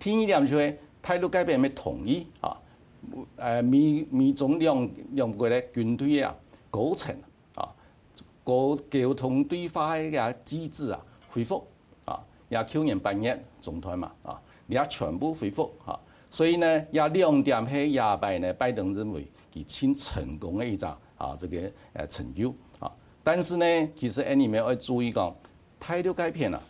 第一點就是態度改變，咪統一啊，呃，美美中兩兩國的軍隊啊構成啊，溝溝通對話嘅機制啊恢復啊，也去年八月總統嘛啊，也全部恢復啊，所以呢，廿兩點係廿八呢，拜登認為佢挺成功嘅一個啊，這個呃成就啊，但是呢，其實誒你們要注意講態度改變啦、啊。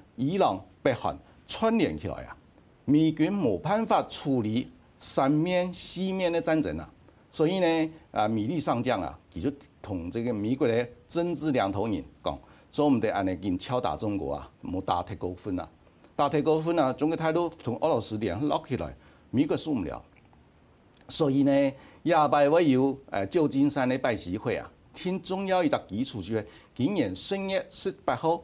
伊朗、北韓串聯起來啊，美軍沒辦法處理三面、四面的戰爭啊，所以呢，啊，米利上將啊，其實同這個美國的政治兩頭人講，做唔得安尼硬敲打中國打打啊，冇打太高分啊，打太高分啊，總嘅態度同俄羅斯啲人聯合起來，美國受唔了，所以呢，亞伯威有誒舊金山的拜習會啊，聽中央一個秘書說，今年十月十八號。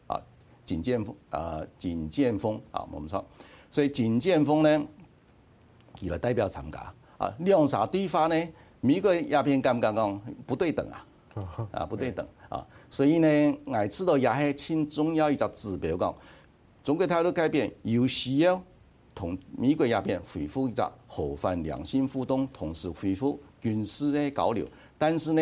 習近平啊習近平啊我們說，所以習近平呢一個代表參加啊，利用啥對方呢，美國鴉片敢不敢講不對等啊啊、uh -huh. 不對等啊，所以呢我知道也係好重要一個指標，講中國態度改變，有需要同美國鴉片恢復一個互訪良性互動，同時恢復軍事的交流，但是呢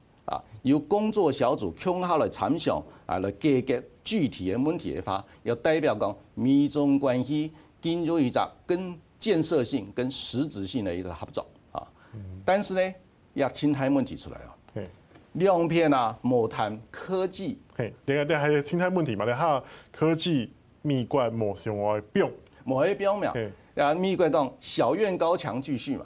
由工作小組強敲了參詳啊，嚟解具體的問題嘅話，要代表講美中關係進入一個跟建設性跟實質性的一個合作啊！但是呢，要清台問題出來啊！亮片啊，冇談科技，嘿，點解點係清台問題嘛？點解科技美國冇什麼標，冇咩標表嗯，然後美國講小院高牆繼續嘛。